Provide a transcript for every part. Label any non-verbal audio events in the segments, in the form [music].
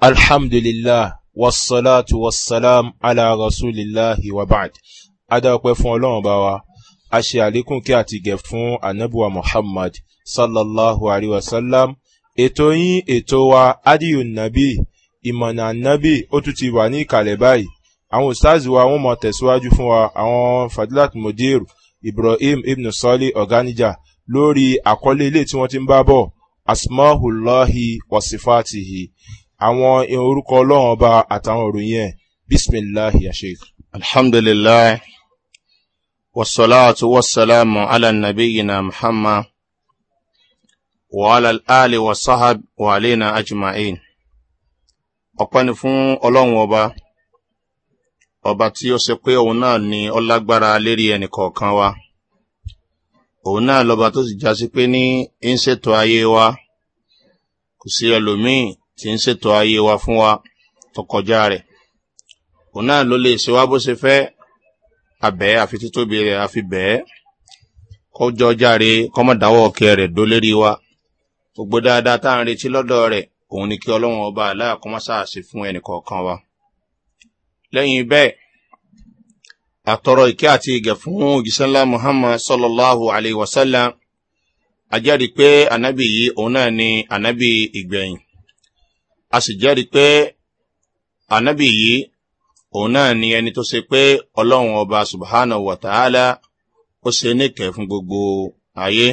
alhamdulillah wassalatu wassalam ala rasulillahi wa ba'd adáwọ̀pẹ́ fún ọlọ́run bá wa a ṣe àlékún kí àti gẹ̀ fún anabuwa muhammad sallallahu alaihi wasallam ètò yín ètò wa adiyu nabi ìmọ̀nà nabi ó tún ti wà ní ìkàlẹ̀ báyìí àwọn ustazi wa wọ́n mọ̀ tẹ̀síwájú fún wa àwọn fadilat mudir ibrahim ibn sali organija lórí àkọlé ilé tí wọ́n ti ń bá bọ̀ asmahulahi wasifatihi àwọn orúkọ ọlọ́run ọba àtàwọn òròyìn ẹ̀ bismillahi asheik. alhamdulilayi wasalaatu wasalaamu ala nabiyina muhammad wa ala ali wa sahab wa alina ajma'in ọ̀pẹ́ ni fún ọlọ́run ọba ọba tí ó ṣe pé òun náà ni ọlágbára lérí ẹnìkọ̀ọ̀kan wa òun náà lọba tó sì já sí pé ní ń ṣètò ayé wa kò sí ẹlòmíì tí ń ṣètò ayé wa fún wa tó kọjá rẹ̀ òun náà ló lè ṣe wá bó ṣe fẹ́ abẹ́ àfi títóbi rẹ̀ àfi bẹ́ẹ̀ kọjọ járe kọmọdáwọ́ kẹ rẹ̀ dó lérí wa gbogbo dáadáa tá à ń retí lọ́dọ̀ rẹ̀ òun ni kí ọlọ́run ọba aláàkọ́mọ́sáàsì fún ẹnì kọ̀ọ̀kan wa lẹ́yìn bẹ́ẹ̀ àtọrọ ìkẹ́ àti ìgẹ̀ fún òjísánlá muhammad sallallahu alayhi wa sallam ajẹ́rìí pé ànábì yìí òun náà ni ànábì ìgbẹ̀yìn a sì jẹ́rìí pé ànábì yìí òun náà ni ẹni tó ṣe pé ọlọ́run ọba subahana wàtàhálà ó ṣe níkẹ́ fún gbogbo ayé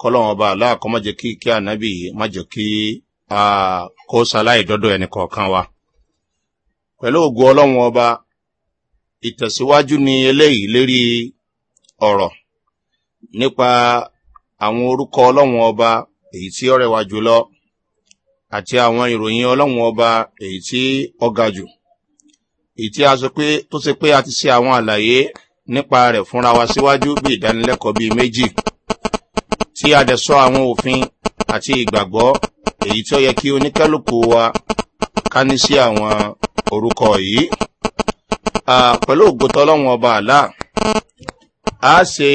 kọ́lọ́run ọba aláàkọ́ má jẹ́ kí kí ànábì yìí má jẹ́ kí kó ṣaláì dọ́dọ̀ ẹnì kọ̀ọ̀kan wa. pẹ̀lú ògùn ọlọ́run ọba ìtẹ̀síwájú ni eléyìí lérí ọ̀rọ̀ nípa àwọn orúkọ ọlọ́run ọba èyí tí ó rẹwà jùlọ. àti àwọn ìròyìn ọlọ́run ọba èyí tí ọ ga jù èyí tí a sọ pé tó ṣe pé a ti ṣe àwọn àlàyé nípa rẹ̀ fúnra wa síwájú bí ìdánilẹ́kọ̀ọ́ bíi méjì tí a dẹ̀ sọ àwọn òfin àti ìgbàgbọ́ èyí tó yẹ kí oníkálukú wa ká ní sí àwọn orúkọ yìí pẹ̀lú ògbótọ́ ọlọ́run ọba àlá a ṣe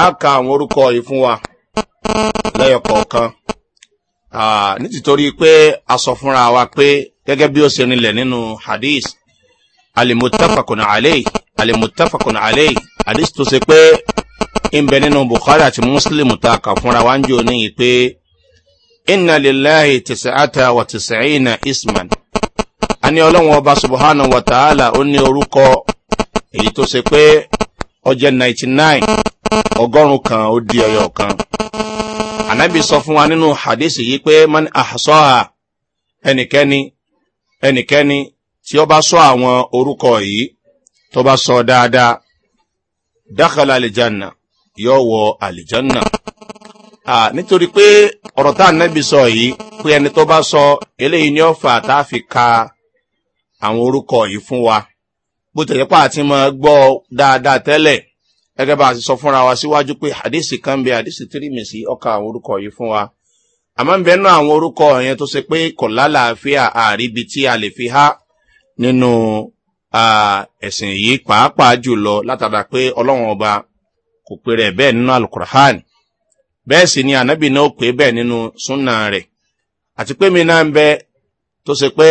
a ka àwọn orúkọ yìí fún wa lẹ́yọ̀kọ̀ọ̀kan. nítorí pé a sọ fúnra wa pé gẹ́gẹ́ bí ó ṣe rinlẹ̀ nínú hadith alimutafakun alei alimutafakun alei hadith tó ṣe pé ń bẹ nínú bukhari àti muslim ta kà fúnra wa ń jò níyì pé inna lillahi tisa'ata wa tisa'ina isman a ní ọlọ́run ọba subhanahu wa ta'ala ó ní orúkọ èyí tó ṣe pé ọjẹ́ 99 ọgọ́rùn-ún kan ó di ọyọ kan ànábì sọ fún wa nínú hadisi yìí pé man àṣọ́ha ẹnikẹ́ni ẹnikẹ́ni tí ó bá sọ àwọn orúkọ yìí tó bá sọ dáadáa dákàlà àlìjánà yóò wọ àlìjánà nítorí pé ọ̀rọ̀ tá ànábì sọ yìí pé ẹni tó bá sọ eléyìí ní ọ̀fà tá a fi ka àwọn orúkọ yìí fún wa bó tẹ̀lé pa àti mọ́ gbọ́ dáadáa tẹ́lẹ̀ ẹgẹ bá a ti sọ fúnra wa síwájú pé àdéhìsì kan bẹ àdéhìsì tírímìsì ọkà àwọn orúkọ yìí fún wa àmọ́ nbẹ náà àwọn orúkọ yẹn tó ṣe pé kò lálàáfíà àríbi tí a lè fi há nínú ẹ̀sìn yìí pàápàá jùlọ látara pé ọlọ́wọ́n ọba kò pe rẹ̀ bẹ́ẹ̀ nínú alukur'an bẹ́ẹ̀ sì ni ànábì náà pè bẹ́ẹ̀ nínú súnà rẹ̀ àti pé mi náà bẹ tó ṣe pé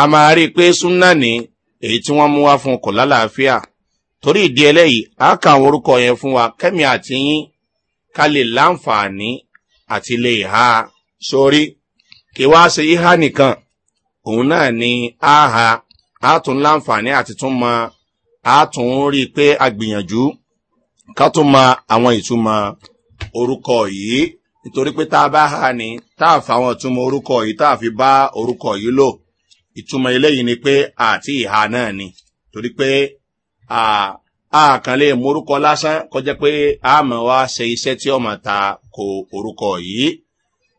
a máa rí i pé súnà ní èyí tí wọ́n mú wá fún kò lálàáfíà torí ìdí eléyìí a kà àwọn orúkọ yẹn fún wa kẹ́mi àti yín ká lè láǹfààní àti lè ha sórí kí wá ṣe ihá nìkan òun náà ni a ha a tún láǹfààní àti tún mọ a tún rí i pé a gbìyànjú ká tún mọ àwọn ìtumọ̀ orúkọ yìí nítorí pé tá a bá ha ni tá a fa àwọn ìtumọ̀ orúkọ yìí tá a fi bá orúkọ yìí lò ìtumọ̀ eléyìí ni pé àti ìhà náà ni torí pé àkànlé morúkọ lásán kọjá pé àmọ́ wa ṣe iṣẹ́ tí ọmọ ta ko orúkọ yìí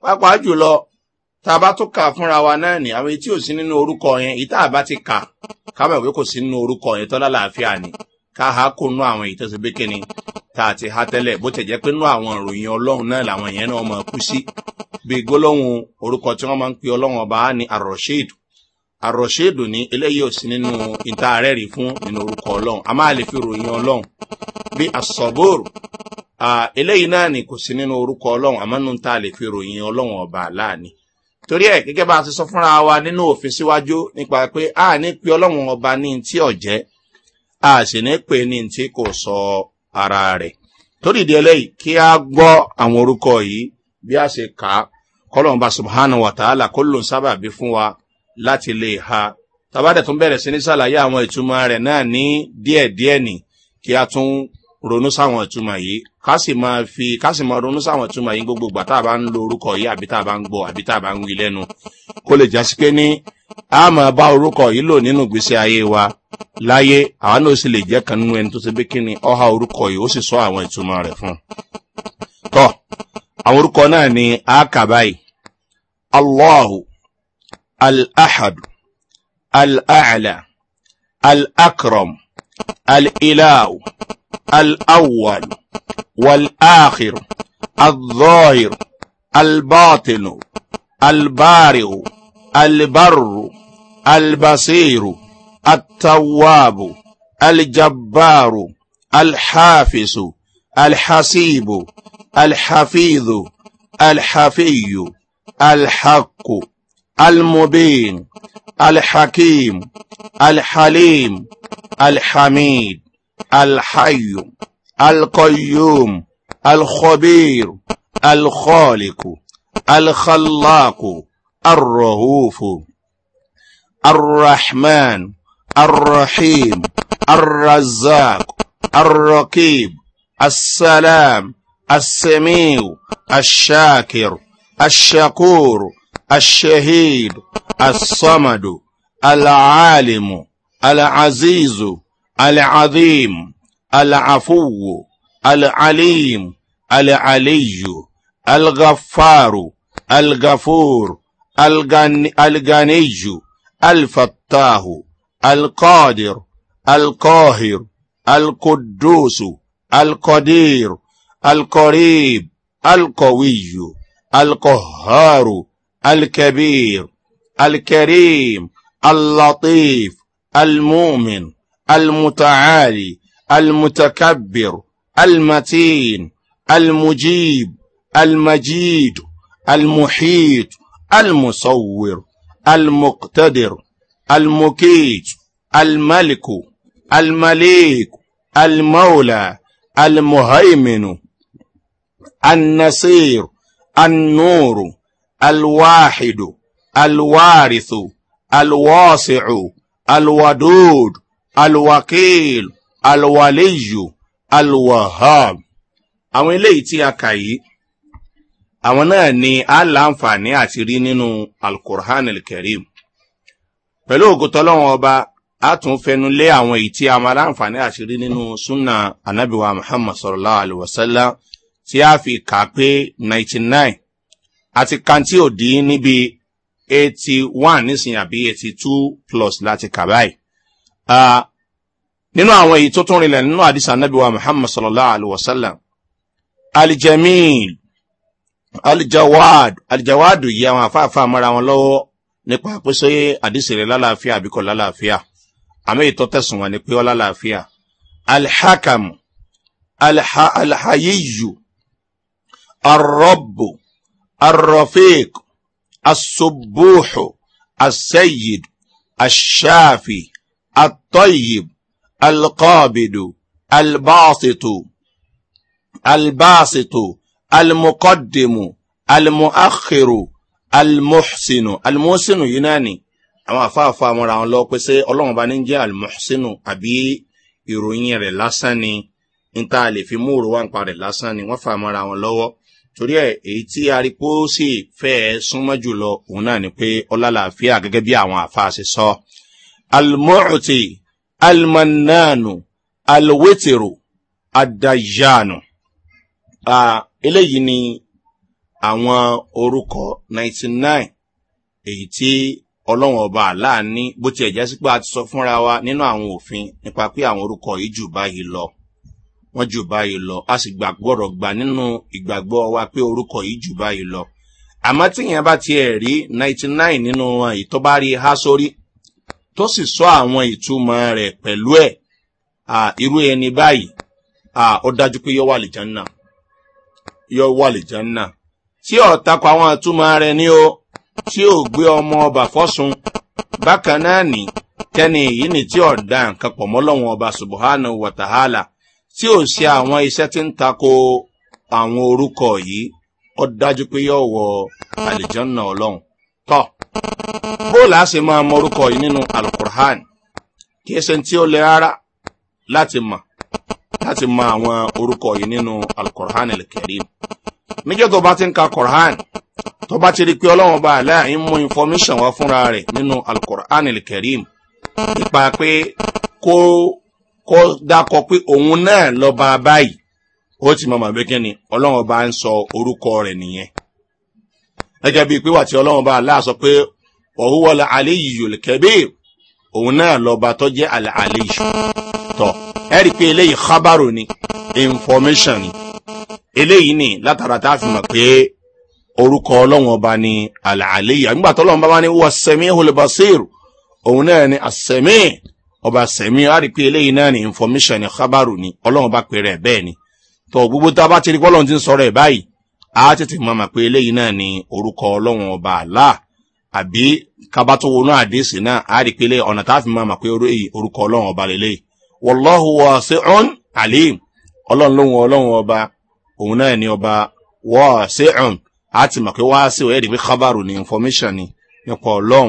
pàápàá jùlọ tá a bá tún kà fúnra wa náà ni àwọn etí ò sí nínú orúkọ yẹn ìta àbá ti kà kámọ̀ ìwé kò sí nínú orúkọ yẹn tọ́lá làáfíà ni ká kó nú àwọn èyí tó ṣe bí kíni tá a ti ha tẹ́lẹ̀ bó tẹ̀ jẹ́ pé nú àwọn ìròyìn ọlọ́run náà làwọn yẹn náà máa kú sí bí gbólóhùn orúkọ tí wọ́n máa ń pe ọlọ́run ọba á ní àròṣédò ní eléyìí ò sí nínú fún nínú orúkọ a máa lè fi ròyìn ọlọ́run bí eléyìí náà ni kò sí nínú orúkọ ọlọ́run àmọ́ nínú fi ròyìn ọlọ́run ọba láàánì torí ẹ gẹ́gẹ́ bá a ti sọ fúnra wa nínú òfin síwájú nípa pé a ní pe ọlọ́run ọba ní ti ọ̀jẹ́ a sì ní pe ní ti kò sọ ara rẹ̀ torí a àwọn orúkọ láti lè ha tàbádẹ̀ tún bẹ̀rẹ̀ sí ní sàlàyé àwọn ìtumọ̀ rẹ̀ náà ní díẹ̀díẹ̀ nì kí a tún ronú sáwọn ìtumọ̀ yìí ká sì máa fi ká sì máa ronú sáwọn ìtumọ̀ yìí gbogbo ìgbà tá a bá ń lo orúkọ yìí àbí tá a bá ń gbọ́ àbí tá a bá ń wí lẹ́nu kó lè jásí pé ní a máa bá orúkọ yìí lò nínú ìgbésí ayé wa láyé àwa náà sì lè jẹ́ kan nínú ẹni tó ṣe pé kí ni ọha orúkọ yìí ó sì sọ àwọn ìtumọ̀ rẹ̀ fún un. tọ́ àwọn orúkọ náà ni a kà báyìí allahu الأحد الأعلى الأكرم الإله الأول والآخر الظاهر الباطن البارئ البر البصير التواب الجبار الحافظ الحسيب الحفيظ الحفي الحق المبين الحكيم الحليم الحميد الحي القيوم الخبير الخالق الخلاق الرهوف الرحمن الرحيم الرزاق الرقيب السلام السميع الشاكر الشكور الشهيد الصمد العالم العزيز العظيم العفو العليم العلي الغفار الغفور الغني الفتاه القادر القاهر القدوس القدير القريب القوي القهار الكبير الكريم اللطيف المؤمن المتعالي المتكبر المتين المجيب المجيد المحيط المصور المقتدر المكيت الملك المليك المولى المهيمن النصير النور الواحد، الوارث، الواسع، الودود، الوكيل، alwaliyu الوهاب. àwọn eléyìí tí a kà yìí àwọn náà ni a láǹfààní àti rí nínú alukur'an alkarim pẹ̀lú ògùtọ́lọ́wọ́n ọba a tún fẹnu lé àwọn èyí tí a máa láǹfààní àti rí nínú sunna anabiwa muhammad sallallahu alaihi wa sallam tí a fi kà pé ninety nine àti kantí òdì níbi eighty one nísìnyí àbí eighty two plus láti kà báyìí. nínú àwọn èyí tó tún rinlẹ̀ nínú àdìsá nàbíwá muhammad sallallahu alayhi wa sallam alijamil alijawad alijawad yìí àwọn afáàfáà mọ́ra wọn lọ́wọ́ nípa pèsè àdìsí rẹ̀ lálàáfíà àbí kò lálàáfíà àmì ìtọ́tẹ̀sùn wọn ni pé ọ lálàáfíà alhakam alhayiyu arọ́bù. الرفيق السبوح السيد الشافي الطيب القابض الباسط الباسط المقدم المؤخر المحسن المحسن يناني àwọn afáàfáà mọ́ra wọn lọ pé ṣé ọlọ́run bá ní jẹ́ almuhsinu àbí ìròyìn rẹ̀ lásán ni níta lè fi mú òrò wà ń pa rẹ̀ lásán ni wọ́n fà mọ́ra wọn lọ́wọ́ torí ẹ èyí tí aripó sì fẹ́ súnmọ́ jùlọ òun náà ni pé ọlálàáfíà gẹ́gẹ́ bí àwọn àfáàṣẹ sọ almọ́ọ̀tì almanánu alwétèrò adajanu eléyìí ni àwọn orúkọ 99 èyí tí ọlọ́wọ̀n ọba àláàní bó ti ẹ̀já pé a ti sọ fúnra wa nínú àwọn òfin nípa pé àwọn orúkọ yìí jù báyìí lọ wọn jù báyìí lọ a sì gbàgbọ́rọ̀ gbà nínú ìgbàgbọ́ wa pé orúkọ yìí jù báyìí lọ àmọ́ tíyẹn bá tiẹ̀ rí ninety nine nínú wọn èyí tó bá rí há sórí tó sì sọ àwọn ìtumọ̀ rẹ̀ pẹ̀lú ẹ̀ irú ẹni báyìí ó dájú pé yọ wà lè jẹun náà yọ wà lè jẹun náà tí ọ̀takọ àwọn ìtumọ̀ rẹ̀ ní o tí ò gbé ọmọ ọba fọ́sun bákan náà ní tẹ́ni èyí ni tí ọ̀dà nǹkan pọ̀ mọ́ ọba subuhana wàtàhálà tí ò ṣe àwọn iṣẹ́ tí ń tako àwọn orúkọ yìí ó dájú pé yóò wọ àlìjọ́nà ọlọ́run tọ́ bóòlù á sì máa mọ orúkọ yìí nínú alukurhan kì í ṣe tí ó lè rárá láti mọ̀ láti mọ àwọn orúkọ yìí nínú alukurhan kẹrin níjọ́ tó bá ti ń ka kurhan tó bá ti rí pé ọlọ́run bá aláàyè ń mú information wá fúnra rẹ̀ nínú alukurhan kẹrin nípa pé kó kọ́ dákọ pé òun náà lọ́ba báyìí ó ti mọ màbí kínni ọlọ́run bá ń sọ orúkọ rẹ̀ nìyẹn gẹ́gẹ́ bíi pé wà tí ọlọ́run bá aláà sọ pé ọ̀húwọ́lá alẹ́ yìí yòlù kẹ́bíì òun náà lọ́ba tó jẹ́ alẹ́ alẹ́ yìí tọ́ ẹ rí i pé eléyìí kábàrò ni information ni eléyìí ni látara tá a fi mọ̀ pé orúkọ ọlọ́run ọba ni alẹ́ alẹ́ yìí àgbàtọ́ ọlọ́run bá wá ní wọ́n sẹ́mi olùbọ̀sẹ́rù òun náà ọba sẹ̀mí a rí pé eléyìí náà ní information ní kábàrù ni ọlọ́run bá pèrè ẹ̀ bẹ́ẹ̀ ni tọ́ gbogbo tá a bá ti rí pọ́lọ́run ti ń sọ̀rọ̀ ẹ̀ báyìí a tètè mọ̀ mà pé eléyìí náà ní orúkọ ọlọ́run ọba àlá àbí kábàtó wọnú àdéhìsì náà a rí pé eléyìí ọ̀nà tá a fi mọ̀ mà pé orúkọ ọlọ́run ọba lélẹ̀ wọlọ́hu wọ sí ọ̀n àlẹ́ ọlọ́run lóhun ọlọ́run ọba òun náà ní ọba wọ́ sí ọ̀n a ti mọ̀ pé wá sí ọ̀yẹ́dì pé ní information ni nípa ọlọ́run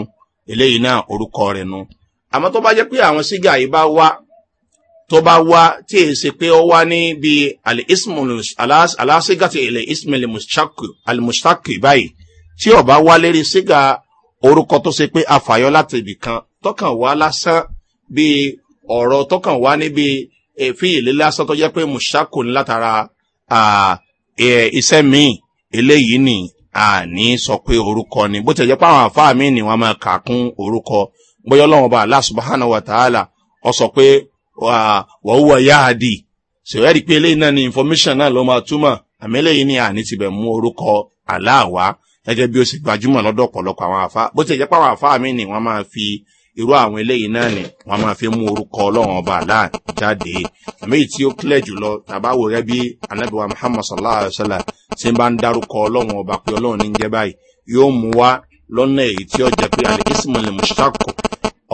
eléyìí náà orúkọ rẹ̀ nu. No àmọ́ tó bá jẹ́ pé àwọn sígà yìí bá wá tó bá wá tí èyí ṣe pé ó wá ní bí aláṣígà ti ilẹ̀ ismail almustaki báyìí tí ọba wá lérí sígà orúkọ tó ṣe pé afàyọ láti ibì kan tọkàn wá lásán bí ọ̀rọ̀ tọkàn wá níbi fíìlì lásán tó jẹ́ pé mustaku ní látara iṣẹ́ míì eléyìí ni àní sọ pé orúkọ ni bó ti jẹ́ pé àwọn àfáà míì ni wọ́n máa kà kún orúkọ bóyá ọlọ́run ọba allah subhanahu wa ta'ala ọ sọ pé wàhùwà yáàdì ṣèwádìí pé eléyìí náà ni information náà ló máa túmọ̀ àmì eléyìí ni àní tibẹ̀ mú orúkọ aláàwá gẹ́gẹ́ bí ó sì gbajúmọ̀ lọ́dọ̀ ọ̀pọ̀lọpọ̀ àwọn àfa bó ti jẹ́ pé àwọn àfa mi ni wọ́n máa fi irú àwọn eléyìí náà ni wọ́n máa fi mú orúkọ ọlọ́run ọba aláà jáde àmì tí ó kílẹ̀ jùlọ tàbáwò rẹ bí anabiwa muhammad sallallahu alayhi wa sallam ṣe ń bá ń dárúkọ ọlọ́run ọba pé ọlọ́run ní ń jẹ́ báyìí yóò mú wá lọ́nà èyí tí ó jẹ́ pé alìkísìmọ̀lẹ̀ mùsàkù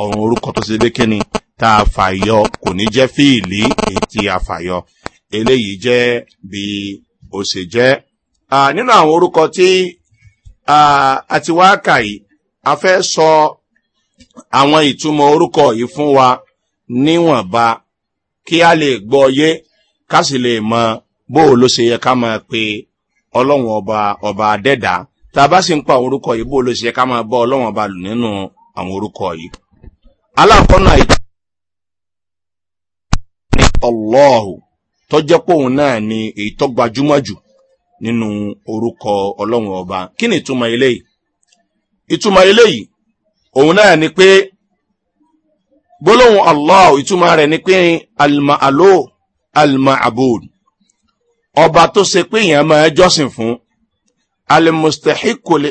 ọ̀run orúkọ tó ṣe dékè ni tá a fàyọ kò ní jẹ́ fíìlì èyí tí a fàyọ eléyìí jẹ́ bí ó ṣe jẹ́. nínú àwọn orúkọ tí a ti wá kà yìí a fẹ́ sọ àwọn ìtumọ̀ orúkọ yìí fún wa níwọ̀nba kí a lè gbọ́ yé ká sì lè mọ bó o ló ṣe yẹ ká máa pe ọlọ́run ọba ọba adẹ́dàá ta a bá sì ń pa àwọn orúkọ yìí bó ló ṣe ká máa bọ ọlọ́wọ́n bá lù nínú àwọn orúkọ yìí. alákọ̀ọ́nà ìjọ ni ọlọ́ọ̀hù tó jẹ́ póun náà ni èyí tó gbajúmọ̀ jù nínú orúkọ ọlọ́wọ́n ọba kí ni ìtumọ̀ eléyìí ìtumọ̀ eléyìí òun náà ni pé gbólóhùn ìtumọ̀ ni ọba tó ṣe pé èèyàn máa jọ́sìn fún alimustahiku le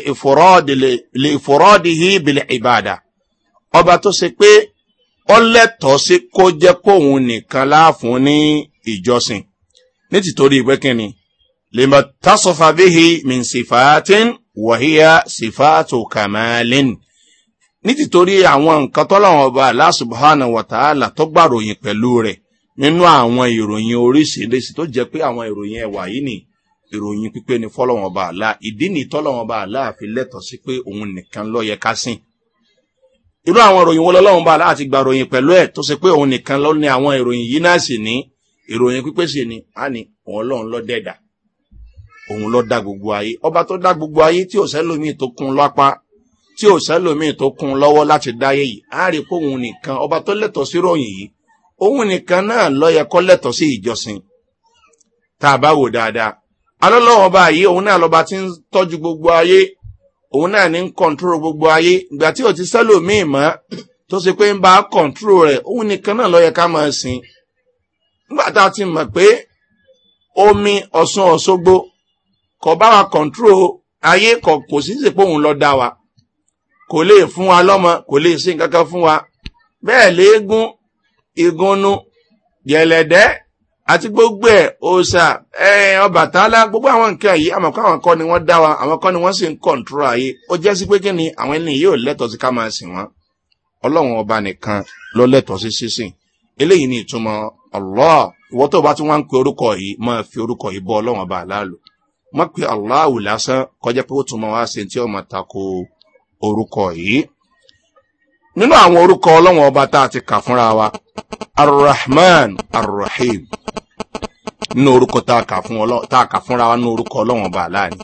ìfọ̀rọ̀dìhí bìlẹ̀ ìbàdà ọba tó ṣe pé ó lẹ́tọ̀ọ́ sí kó jẹ́ kóhun nìkan láàfún ní ìjọsìn ní tìtorí ìwé kínni lèmọ̀ tásọ̀fà bíhi min sifatin wàhíyá sifatu kamalin ní tìtorí àwọn nǹkan tọ́lọ́wọ́n ọba aláṣubuhánà wàtàálà tó gbàròyìn pẹ̀lú rẹ̀ nínú àwọn ìròyìn oríṣiríṣi tó jẹ́ pé àwọn ìròyìn ẹ̀wà yìí nìyí ìròyìn pípé ni fọlọ́wọ́n bá àlá ìdí ni tọ́lọ́wọ́n bá àlá àfi lẹ́tọ̀ sí pé òun nìkan lọ́ yẹ ká sìn irú àwọn ìròyìn wo lọ́lọ́wọ́n bá àlá àti gba ìròyìn pẹ̀lú ẹ̀ tó ṣe pé òun nìkan lọ́ ní àwọn ìròyìn yìí náà sì ní ìròyìn pípé sì ní á ní òun lọ́run lọ́ dẹ́dà òun lọ́ dá gbogbo ayé ọba tó dá gbogbo ayé tí ò sẹ́lòmíì tó kún lápá tí ò sẹ́lòmíì tó kún lọ́wọ́ láti dáyé yìí á rí pé òun nìkan ọba tó lẹ́tọ̀ sí ròyìn yìí òun nìkan náà lọ́ yẹ kọ́ lẹ́tọ̀ sí ìjọsìn tá a bá wò dáadáa alọ́lọ́wọ́ bá yìí òun náà lọ́ba ti ń tọ́jú gbogbo ayé òun náà ní ń kọ̀ǹtúrò gbogbo ayé ìgbà tí ò ti sẹ́lò míì mọ́ tó ṣe pé ń bá kọ̀ǹtúrò rẹ̀ òun nìkan náà lọ́yẹ ká máa sìn nígbà ti mọ̀ pé omi ọ̀sán ọ̀ṣogbo kò bá wa kọ̀ǹtúrò ayé kò kò sí ṣe lọ dá wa kò lè fún wa lọ́mọ kò lè si nǹkan kan fún wa bẹ́ẹ̀ léegun ìgúnnu àti gbogbo ẹ̀ òòṣà ọba tààlà gbogbo àwọn nǹkan yìí àmọ́ kó àwọn kọ́ ni wọn dá wa àwọn kọ́ ni wọn sì ń kọ̀ǹtúrò ayé ó jẹ́ sí pé kí ni àwọn ènìyàn yóò lẹ́tọ̀ọ́ sí ká máa sìn wọ́n ọlọ́run ọba nìkan ló lẹ́tọ̀ọ́ sí sísìn eléyìí ni ìtumọ̀ ọ̀lọ́ ìwọ́ tó bá tí wọ́n ń pe orúkọ yìí máa fi orúkọ yìí bọ ọlọ́run ọba àlálò mọ́ pe aláwù lásán kọjá pé ó tún máa wá se tí ọmọ tako orúkọ yìí nínú àwọn orúkọ ọlọ́wọ́n ọba tá a ti kà fúnra wa arrahman arrahim nínú orúkọ tá a kà fúnra wa nínú orúkọ ọlọ́wọ́n ọba aláàní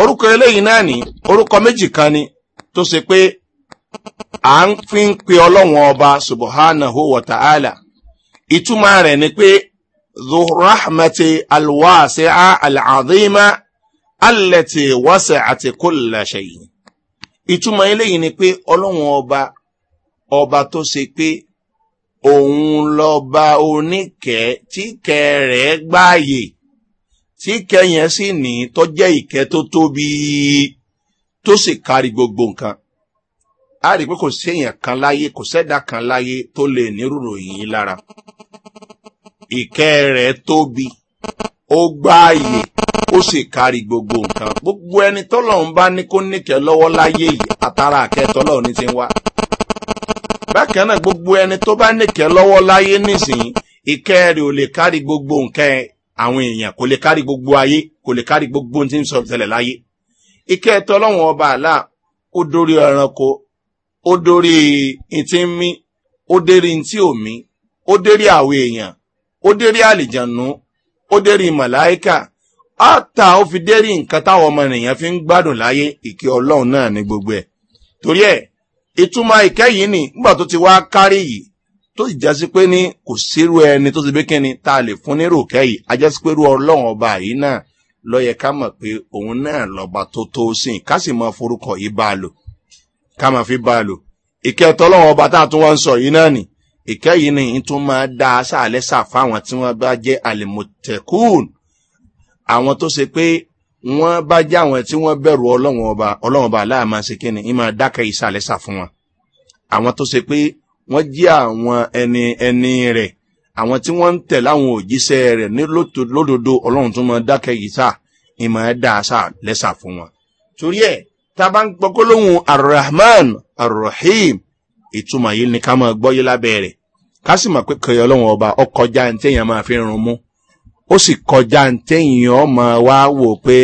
orúkọ eléyìí náà ni orúkọ méjì kan ni tó ṣe pé à ń fi ń pe ọlọ́wọ́n ọba subahánahu wàtàhálà ìtumọ̀ rẹ̀ ni pé zuhrahmati alwaasi'a al'adhima alẹ́tì wàṣẹ àti kólà ṣẹ̀yìn ìtumọ̀ eléyìí ni pé ọlọ́wọ́n ọba ọba tó ṣe pé òun lọ́ba oníkẹ́ tí kẹ rẹ̀ gbáàyè tí kẹyẹn sì ní tọ́jẹ́ ìkẹ́ tó tóbi tó sì kárí gbogbo nǹkan a rí i pé kò séèyàn kan láyé kò sẹ́dá kan láyé tó lè nírúurú yìí lára ìkẹ́ rẹ̀ tóbi ó gbáàyè ó sì kárí gbogbo nǹkan gbogbo ẹni tọ́lọ́run bá ní kó níkẹ́ lọ́wọ́ láyé yìí àtàrà àkẹ́tọ́lọ́run ti ń wá bákan náà gbogbo ẹni tó bá nìkẹ́ lọ́wọ́ láyé nísìnyí ìkẹ́ rẹ̀ ò lè kárí gbogbo nǹkan àwọn èèyàn kò lè kárí gbogbo ayé kò lè kárí gbogbo tí ń sọ ìṣẹ̀lẹ̀ láyé ìkẹ́ tọ́lọ́wọ́n ọba àlá ó dórí ẹranko ó dórí ìtí ń mí ó dérí ntí òmí ó dérí àwọn èèyàn ó dérí àlìjànú ó dérí màláìkà áta ó fi dérí nǹkan táwọn ọmọ ènìyàn fi ń gbádùn láyé ìkẹ́ ọlọ́run náà ní gbogbo ẹ̀ torí ẹ̀ ìtumọ̀ ìkẹyìí nì nígbà tó ti wá kárí yìí tó sì jásí pé ní kò sírú ẹni tó ti bí kíni tá a lè fún ní ròkẹ́ yìí ajásí pé rú ọlọ́run ọba yìí náà lọ́yẹ ká mọ̀ pé òun náà lọ́ba tó tó sìn ká sì mọ forúkọ yìí bá a lò ká mọ̀ fi bá a lò ìkẹ́ tọ́lọ́run ọba tá a tún wá ń sọ yìí náà nì ìkẹ́ yìí ni ń tún máa dá aṣáálẹ́sà fáwọn tí wọ́n bá jẹ́ àlèmọ̀tẹ̀kùn àwọn tó ṣe pé wọ́n bá jẹ́ àwọn tí wọ́n bẹ̀rù ọlọ́wọ́n ọba ọlọ́wọ́n ọba aláàmà ṣe kí ni ìmọ̀ dákẹ́ ìsàlẹ́sà fún wọn. àwọn tó ṣe pé wọ́n jẹ́ àwọn ẹni ẹni rẹ̀ àwọn tí wọ́n ń tẹ̀ láwọn òjíṣẹ́ rẹ̀ ní lódodo ọlọ́run tó máa dákẹ́ ìsà ìmọ̀ dáṣà lẹ́sà fún wọn. torí ẹ̀ tá a bá ń gbọ́ gbólóhùn arahman arahim ìtumọ̀ yìí ni ká máa gbọ́ yé lábẹ́ rẹ̀ ká sì mọ̀ pé kẹyọ ọlọ́run ọba ọkọjá ní téèyàn máa fi rún mú ó sì kọjá ntẹ́yìn ọmọ wa wò pé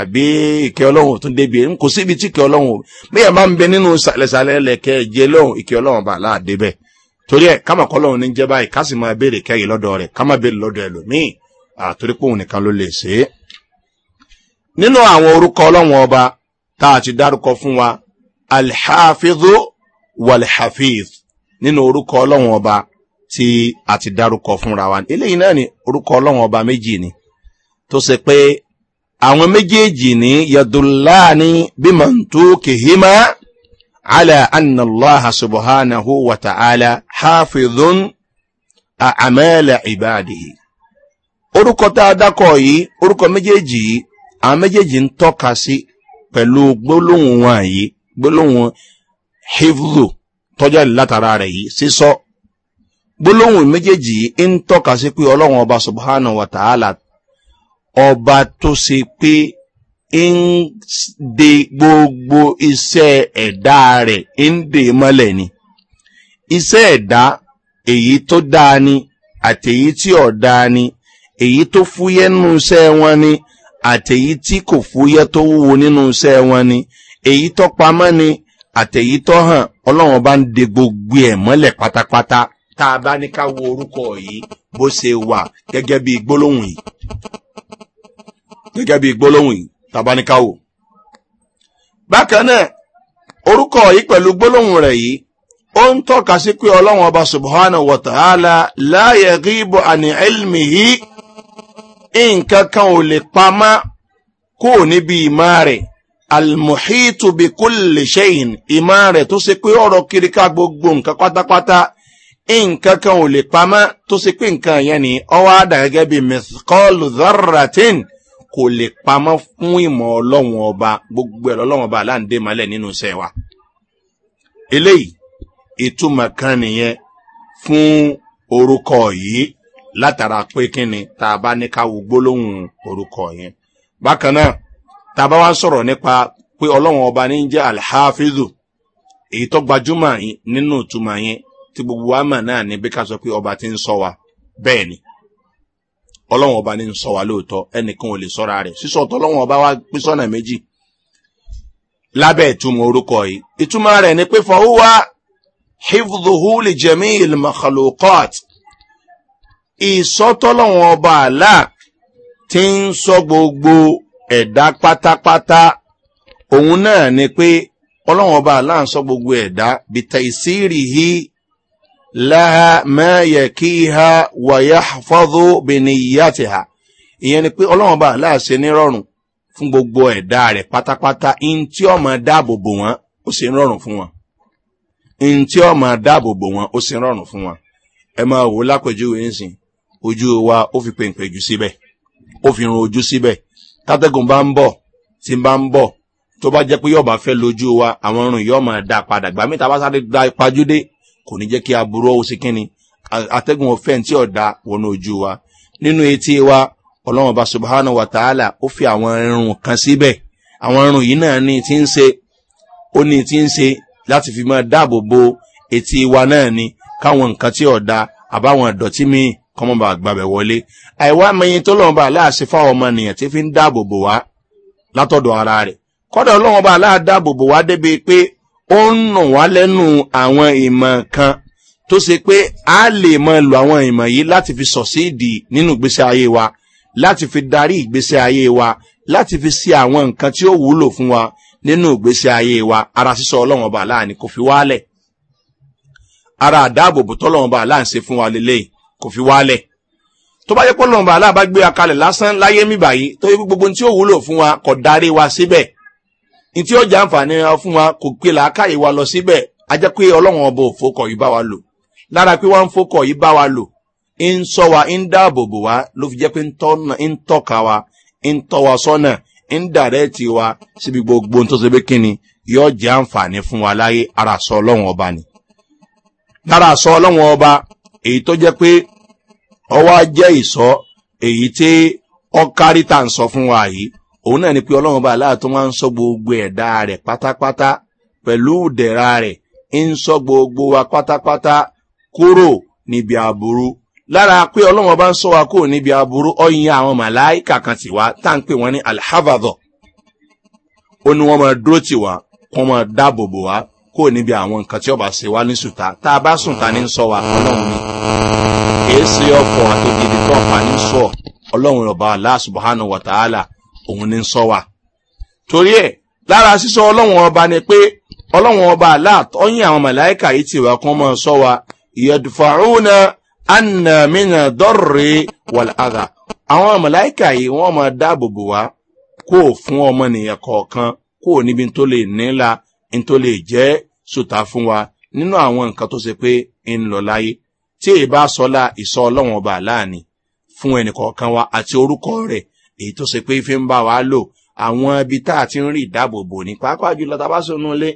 àbí ìkẹ́ ọlọ́run tún débi ẹ̀ kò síbi tí ìkẹ́ ọlọ́run bí ẹ̀ máa ń bẹ nínú sàlẹ̀sàlẹ̀ lẹ̀kẹ́ ẹ̀jẹ̀ lọ́hùn ìkẹ́ ọlọ́run bá láàdé bẹ̀ torí ẹ̀ ká màkọ́ lọ́run ní jẹ́ báyìí ká sì máa béèrè kẹ́yìn lọ́dọ̀ rẹ̀ ká má béèrè lọ́dọ̀ ẹlòmíì àtòrí nìkan ló lè ṣe é. nínú àwọn a ti dárúkọ fún wa tí a ti dárúkọ fúnra wa eléyìí náà ni orúkọ ọlọ́run ọba méjì ni tó ṣe pé àwọn méjèèjì ní yadulani bimantu kihima ala anallaha subhanahu wa ta'ala hafidhun a'amala ibadihi orúkọ tá a dákọ yìí orúkọ méjèèjì yìí àwọn méjèèjì ń tọ́ka sí pẹ̀lú gbólóhùn wọn yìí gbólóhùn hivlu tọ́jà látara rẹ̀ yìí sísọ gbólóhùn méjèèjì ń tọ́ka sí pé ọlọ́run ọba subhana wa ta'ala ọba tó ṣe pé ń de gbogbo iṣẹ́ ẹ̀dá rẹ̀ ń de mọ́lẹ̀ ni iṣẹ́ ẹ̀dá èyí tó dáa ni àtèyí tí ò dáa ni èyí tó fúyẹ́ nínú iṣẹ́ wọn ni àtèyí tí kò fúyẹ́ tó wúwo nínú iṣẹ́ wọn ni èyí tó pamọ́ ni àtèyí tó hàn ọlọ́run ọba ń de gbogbo ẹ̀ mọ́lẹ̀ pátápátá tá a bá ní ká wo orúkọ yìí bó ṣe wà gẹ́gẹ́ bí gbólóhùn yìí gẹ́gẹ́ bí gbólóhùn yìí tá a bá ní ká wò. bákan náà orúkọ yìí pẹ̀lú gbólóhùn rẹ̀ yìí ó ń tọ́ka sí pé ọlọ́run ọba subhana wa ta'ala láàyè ríbo àní ilmi yìí nǹkan kan ò lè pamọ́ kó o níbi ìmọ̀ rẹ̀ almuhitu bi kulli shay'in ìmọ̀ rẹ̀ tó ṣe pé ọ̀rọ̀ kiri ká gbogbo nǹkan pátápátá nǹkan kan ò lè pamọ́ tó ṣe pé nǹkan yẹn ni ọwọ́ àdá gẹ́gẹ́ bíi kò lè pamọ́ fún ìmọ̀ ọlọ́run ọba gbogbo ẹ̀ ọba aláǹdé malẹ̀ nínú iṣẹ́ wa. eléyìí ìtumọ̀ kan nìyẹn fún orúkọ yìí látara pé kí ni tá a bá ní ká wo gbólóhùn orúkọ yẹn. bákan náà tá a bá wá sọ̀rọ̀ nípa pé ọlọ́run ọba ní jẹ́ alhafizu tí gbogbo wa mọ̀ náà ni bí ká sọ pé ọba ti ń sọ wa bẹ́ẹ̀ ni ọlọ́run ọba ní ń sọ wa lóòótọ́ ẹnìkan ò lè sọ́ra rẹ̀ sísọ ọ̀tọ̀ ọlọ́run ọba wa pín sọ́nà méjì lábẹ́ ìtumọ̀ orúkọ yìí ìtumọ̀ rẹ̀ ni pé fọwọ́wá hifdhuhu lè jẹ̀mí ìlmọ̀kàlùkọ́t ìsọtọ́lọ́wọ́n ọba àlá ti ń sọ gbogbo ẹ̀dá pátápátá òun náà ni pé ọlọ́run ọba àlá ń sọ gbogbo ẹ̀dá bìtẹ̀ ìsírìhí لها ما kí ويحفظ wàyà يعني bìnníyàtìhà ìyẹn ni pé ọlọ́run bá aláàṣẹ nírọ̀rùn fún gbogbo ẹ̀dá rẹ̀ pátápátá in tí ó mọ̀ dáàbò bò wọ́n ó sì ń rọrùn fún wọn in tí ó mọ̀ dáàbò bò wọ́n ó sì ń rọrùn fún wọn ẹ máa wò lápèjúwe ńsìn ojú wa ó fi pèǹpè jù síbẹ̀ ó fi run ojú síbẹ̀ tátẹ́gùn bá ń bọ̀ tí bá ń bọ̀ tó bá jẹ́ pé yọ̀ọ̀bá fẹ́ lójú wa àwọn irun yọ̀ọ̀ máa dá padà gbàmítà bá sáré da ipajúdé kò ní jẹ́ kí aburú ọ̀hún sí kínni atẹ́gùn ọ̀fẹ́ tí ọ̀dà wọnú ojú wa nínú etí wa ọlọ́run ọba subahana wa ta'ala ó fi àwọn irun kan síbẹ̀ àwọn irun yìí náà ní ti ń ṣe ó ní ti ń ṣe láti fi máa dáàbò bo etí wa náà ni káwọn nǹkan tí ọ̀dà àbáwọn ìdọ̀tí míì kọ́mọ́ bá gbàbẹ̀ wọlé àìwá mẹyin tó lọ́wọ́ bá aláàṣẹ fáwọn ọmọ tí fi ń dáàbò bò wá látọ̀dọ̀ ara rẹ̀ kọ́dọ̀ ọlọ́wọ́ bá aláàdáàbò bò wá débi pé ó ń nà wá lẹ́nu àwọn ìmọ̀ kan tó ṣe pé a lè mọ lo àwọn ìmọ̀ yìí láti fi sọ̀síìdì nínú ìgbésí ayé wa láti fi darí ìgbésí ayé wa láti fi ṣe àwọn nǹkan tí ó wúlò fún wa nínú ìgbésí ayé wa ara sísọ ọlọ́run ọba aláàánú kò fi wálẹ̀ ara àdáàbòbò tọ́lọ́run ọba aláàánú ṣe fún wa lélẹ́yìn kò fi wálẹ̀ tó bá yẹ pé ọba aláàbá gbé akalẹ̀ lásán láyé mìbàyí tó yẹ gbogbo tí ó wúlò fún wa kò darí wa síbẹ̀ ntí ọjà àǹfààní fún wa kò pé làákàyè wa lọ síbẹ̀ ajẹ́ pé ọlọ́run ọba ò fokọ̀ yìí bá wa lò lára pé wọ́n ń fokọ̀ yìí bá wa lò ń sọ wa ń dáàbò bò wá ló fi jẹ́ pé ń tọ́ka wa ń tọ́ wa sọ́nà ń dàrẹ́ẹ̀tì wa síbi gbogbo tó ṣe pé kíni yóò jẹ́ àǹfààní fún wa láyé ara sọ ọba ni. lára sọ ọlọ́run òun náà ni pé ọlọ́run bá aláàtọ́ máa ń sọ gbogbo ẹ̀dá rẹ̀ pátápátá pẹ̀lú ìdẹ̀ra rẹ̀ ń sọ gbogbo wa pátápátá kúrò níbi aburú lára pé ọlọ́run bá ń sọ wa kúrò níbi aburú ọyìn àwọn màláìkà kan tì wá tá à ń pè wọ́n ní alhavadọ̀ ó ní wọ́n máa dúró tì wá kó máa dáàbò bò wá kúrò níbi àwọn nǹkan tí ọba ṣe wá ní sùtá tá a bá sùn ta ní sọ wa ọlọ́run ni kì í ṣe ọkọ̀ àtòjì ìdìtọ́ ọ̀pá ní sọ ọlọ́run ọba aláṣubahánu wàtàálà òun ní sọ wa torí ẹ lára sísọ ọlọ́wọ́n ọba ni pé ọlọ́wọ́n ọba aláàtọ́yìn àwọn màláìkà yìí ti wà kán máa sọ wa ìyẹ̀dùfàrúnà ànàmínà dọ́rẹ̀ wàlágà àwọn màláìkà yìí wọ́n máa dáàbò bò wá kó o fún ọmọnìyàn kọ̀ọ̀kan kó o níbi tó lè nílà tó lè jẹ́ sùtà fún wa nínú àwọn nǹkan tó ṣe pé ń lọ láyé tí èyí bá sọlá ìsọ ọlọ́wọ́n ọba aláàní fún ẹnìkọ̀ọ̀kan wa àti orúkọ rẹ̀ èyí tó ṣe pé fi ń bá wa lò àwọn ibi tá a ti ń rí ìdáàbòbò ní pàápàá jùlọ tá a bá sọnù lé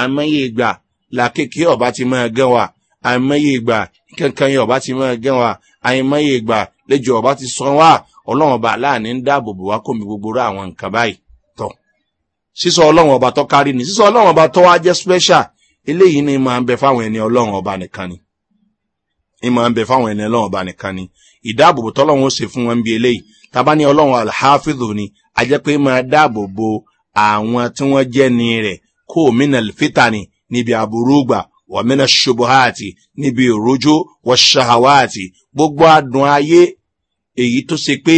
àmọye ìgbà làkèké ọba ti máa gán wa àmọye ìgbà kankan yẹn ọba ti máa gán wa àmọye ìgbà lẹjọ ọba ti sọ wa ọlọ́run ọba láàánú ń dáàbòbò wa kò mí gbogbo rẹ àwọn nǹkan báyìí tọ sísọ ọlọ́run ọba tó kárí ni sísọ ọlọ́run ọba tó wá jẹ́ special eléyìí ni máa ń bẹ fáwọn ẹni ọlọ́run ọba nìkan ni ìmọ̀ ń bẹ fáwọn ẹni ọlọ́run ọba nìkan ni ìdáàbòbò tọ́lọ́run ó ṣe fún wọn bí eléyìí tábà ní ọlọ́run alhafidhu ni a jẹ́ pé máa dáàbò bo àwọn tí wọ́n jẹ́ ni rẹ̀ kó mina fitani níbi aburú gbà wọ́n mina ṣubuhati níbi ìrójó wọ́n ṣahawati gbogbo adùn ayé èyí tó ṣe pé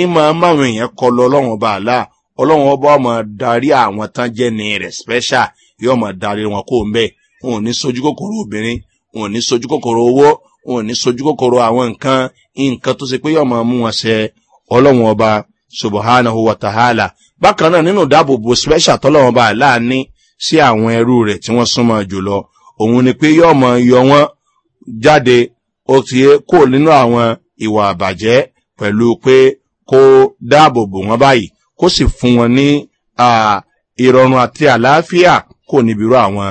ìmọ̀ máwọn èèyàn kọ lọ ọlọ́run ọba àlá ọlọ́run ọba ọmọ darí àwọn tán jẹ́ ni rẹ̀ special yóò mọ̀ darí wọn kó mbẹ́ wọn ò ní sojú kòkòrò obìnrin wọn ò ní sojú kòkòrò owó wọn ò ní sojú kòkòrò àwọn nǹkan nǹkan tó ṣe pé yóò mọ̀ mú wọn ṣe ọlọ́run ọba subahánahu wàtàhálà bákan náà nínú ìdáàbòbò special tọ́lọ́run ọba láàánú sí àwọn ẹrú rẹ̀ tí wọ́n súnmọ́ jùlọ òun ni pé yóò mọ yọ wọ́n jáde ó ti kó nínú àwọn ìwà àbàjẹ́ pẹ̀lú pé kó dáàbòbò wọn báyìí kó sì fún wọn ní ìrọ̀rùn àti àlàáfíà kò níbi irú àwọn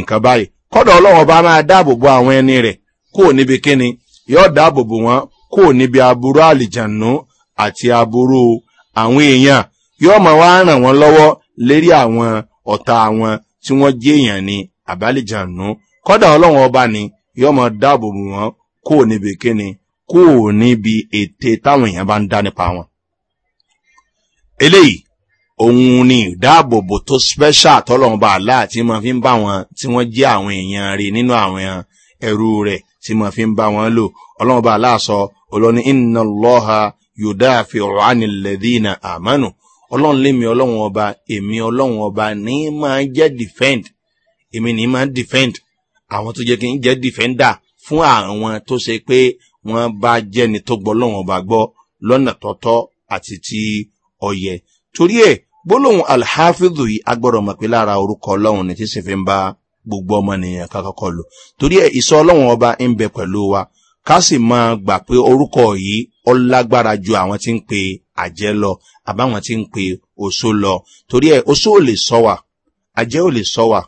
nǹkan báyìí kọ́dọ̀ ọlọ́run ọba máa dáàbòbò àwọn ẹni rẹ̀ kò níbi kíni yóò dáàbòbò wọn kò níbi aburú àlìjànú àti aburú àwọn èèyàn yóò mọ̀ wá ràn wọ́n lọ́wọ́ lérí àwọn ọ̀tá wọn tí wọ́n jẹ́ èèyàn ni àbálẹ̀jànú kọ́dà ọlọ́run ọba ni yóò mọ̀ dáàbò bò wọ́n kó o níbi kíni kó o níbi ète táwọn èèyàn bá ń dá nípa wọn. eléyìí òun ni ìdáàbòbò tó special tọ́lọ́run bá aláà tí mo fi ń bá wọn tí wọ́n jẹ́ àwọn èèyàn rí nínú àwọn ẹrú rẹ̀ tí mo fi ń bá wọn lò ọlọ́run bá aláà sọ olóní iná yòdáàfi ọ̀rọ̀ ánilẹ̀dínà àmánu ọlọ́run lémi ọlọ́run ọba èmi ọlọ́run ọba ní máa jẹ́ defend èmi ní máa defend àwọn tó jẹ́ kí n jẹ́ defender fún àwọn tó ṣe pé wọ́n bá jẹ́ni tó gbọ́ ọlọ́run ọba gbọ́ lọ́nà tọ́tọ́ àti ti ọ̀yẹ́ torí ẹ̀ gbólóhùn alhafidhu yìí agbọ́dọ̀ mọ̀ pé lára orúkọ ọlọ́run ni tí sì bá gbogbo ọmọ nìyẹn kakọ́kọ́ lò torí ẹ̀ ìsọ ọlọ́run ọba ń bẹ pẹ̀lú wa ká sì máa gbà pé orúkọ yìí ó lágbára ju àwọn tí ń pe àjẹ lọ àbáwọn tí ń pe oṣó lọ torí ẹ oṣó ò lè sọ wà àjẹ ò lè sọ wà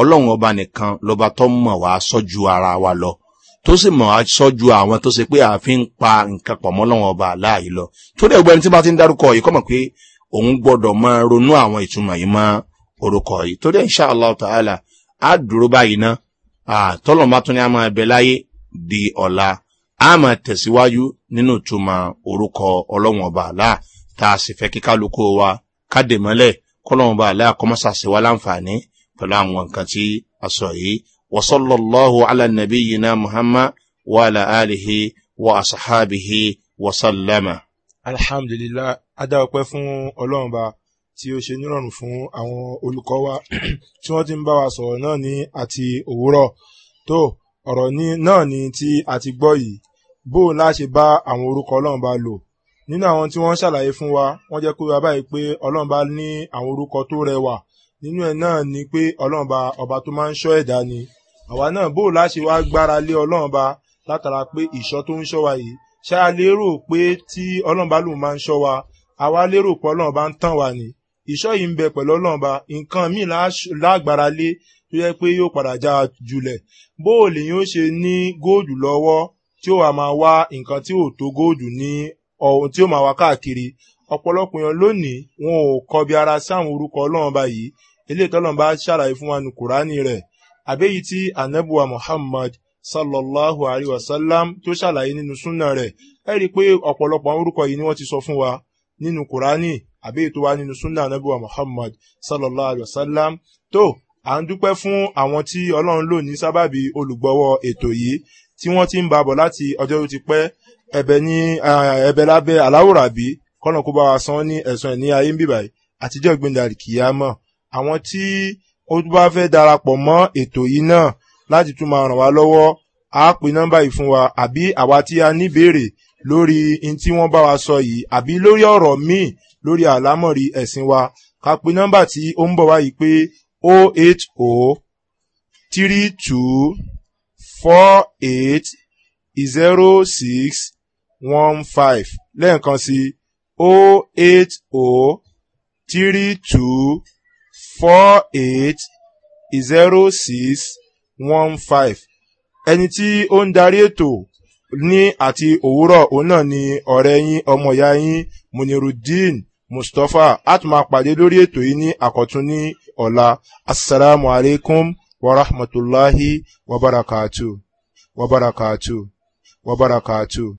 ọlọ́run ọba nìkan lọba tó mọ̀ wá sọ́jú ara wa lọ tó sì mọ̀ sọ́jú àwọn tó ṣe pé àfi ń pa nǹkan pọ̀ mọ́ ọba aláàyè lọ torí ẹgbẹ́ ẹni tí bá ti ń dárúkọ yìí kọ́ mọ̀ pé òun gbọ́dọ̀ máa ronú àwọn ìtumọ̀ yìí mọ́ orúkọ yìí torí ẹ̀ ń ṣá tààlà á dúró báyìí ná àtọ́lọ̀ má tún láyé di ọ̀la a máa tẹ̀síwájú nínú ìtumọ̀ orúkọ ọlọ́wọ̀n ọba àlá tá a sì fẹ́ kíkálukú wa káde mọ́lẹ̀ kọ́lọ́wọ̀n ọba àlá kọ́mọ́sàsì wa láǹfààní pẹ̀lú àwọn nǹkan tí a sọ yìí wasallallahu ala nabi yina muhammad wa ala alihi wa asahabihi wa sallama. alhamdulillah adáwọ̀pẹ́ fún ọlọ́run ba tí ó ṣe nírọ̀rùn fún àwọn olùkọ́ wa [clears throat] tí wọ́n ti ń bá wa sọ̀rọ̀ náà ní àti òwúrọ̀ tó ọ̀rọ̀ náà ni tí a ti gbọ́ yìí bó ńlá ṣe bá àwọn orúkọ ọlọ́run bá lò nínú àwọn tí wọ́n ṣàlàyé fún wa wọ́n jẹ́ kó wa báyìí pé ọlọ́run bá ní àwọn orúkọ tó rẹwà nínú ẹ̀ náà ni pé ọlọ́run bá ọba tó máa ń ṣọ́ ẹ̀dá ni àwa náà bó ńlá ṣe wá gbára lé ọlọ́run bá látara pé ìṣọ́ tó ń ṣọ́ wa yìí ṣá a lérò pé tí ọlọ́run bá lòun máa ń ṣọ́ wa àwa lérò pé ọlọ́run bá ń tàn wa ni ìṣọ́ yìí ń bẹ pẹ̀lú ọlọ́run bá nǹkan míì lágbára lé tó yẹ pé yóò padà já julẹ̀ bóòlì yóò ṣe ní góòdù lọ́wọ́ tí ó wà máa wá nǹkan tí ò tó góòdù ní ọ̀hún tí ó máa wá káàkiri ọ̀pọ̀lọpọ̀ èèyàn lónìí wọn ò kọbi ara sáwọn orúkọ ọlọ́run báyìí eléyìí tọ́lọ́run ṣàlàyé fún wa nu kùránì rẹ̀ àbẹ́yìí tí anabuwa muhammad sallallahu alayhi wa sallam tó ṣàlàyé nínú súnà rẹ̀ ẹ rí i pé ọ̀pọ̀lọpọ̀ àwọn orúkọ yìí ni wọ́n ti sọ fún wa nínú kùránì àbẹ́yìí tó wá nínú súnà anabuwa muhammad sallallahu alayhi wa sallam tó à ń dúpẹ́ fún àwọn tí ọlọ́run lò ní sábàbí olùgbọ́wọ́ ètò yìí tí wọ́n ti ń babọ̀ láti ọjọ́ tó ti pẹ́ ẹ̀bẹ̀ ní ẹ̀bẹ̀ lábẹ́ aláwòrán kọ́nà kó bá wa san ní ẹ̀sùn ẹ̀ ní ayé ń bìbà àtijọ́ ìgbìndàrí kìíyá mọ̀ àwọn tí ó bá fẹ́ darapọ̀ mọ́ ètò yìí náà láti tún máa ràn wá lọ́wọ́ á pè nọ́mbà yìí fún wa àbí àwa tí a ní béèrè lórí in tí wọ́n bá wa sọ yìí àbí lórí ọ̀rọ̀ míì lórí àlámọ̀rí ẹ̀sìn wa ká pe nọ́mbà tí ó ń bọ̀ wá yìí pé O oh O oh three 080 32 48 06 15 lẹ́ẹ̀kan sí 080 32 48 06 15 ẹni tí ó ń darí ètò ní àti òwúrọ̀ òun náà ni ọ̀rẹ́ yín ọmọ ìyá yín munirudeen mustapha a tún máa pàdé lórí ètò yìí ní àkọ́tún ní ọ̀la asalaamu alaykum wa rahmatulahi wa barakatu wa barakatu wa barakatu.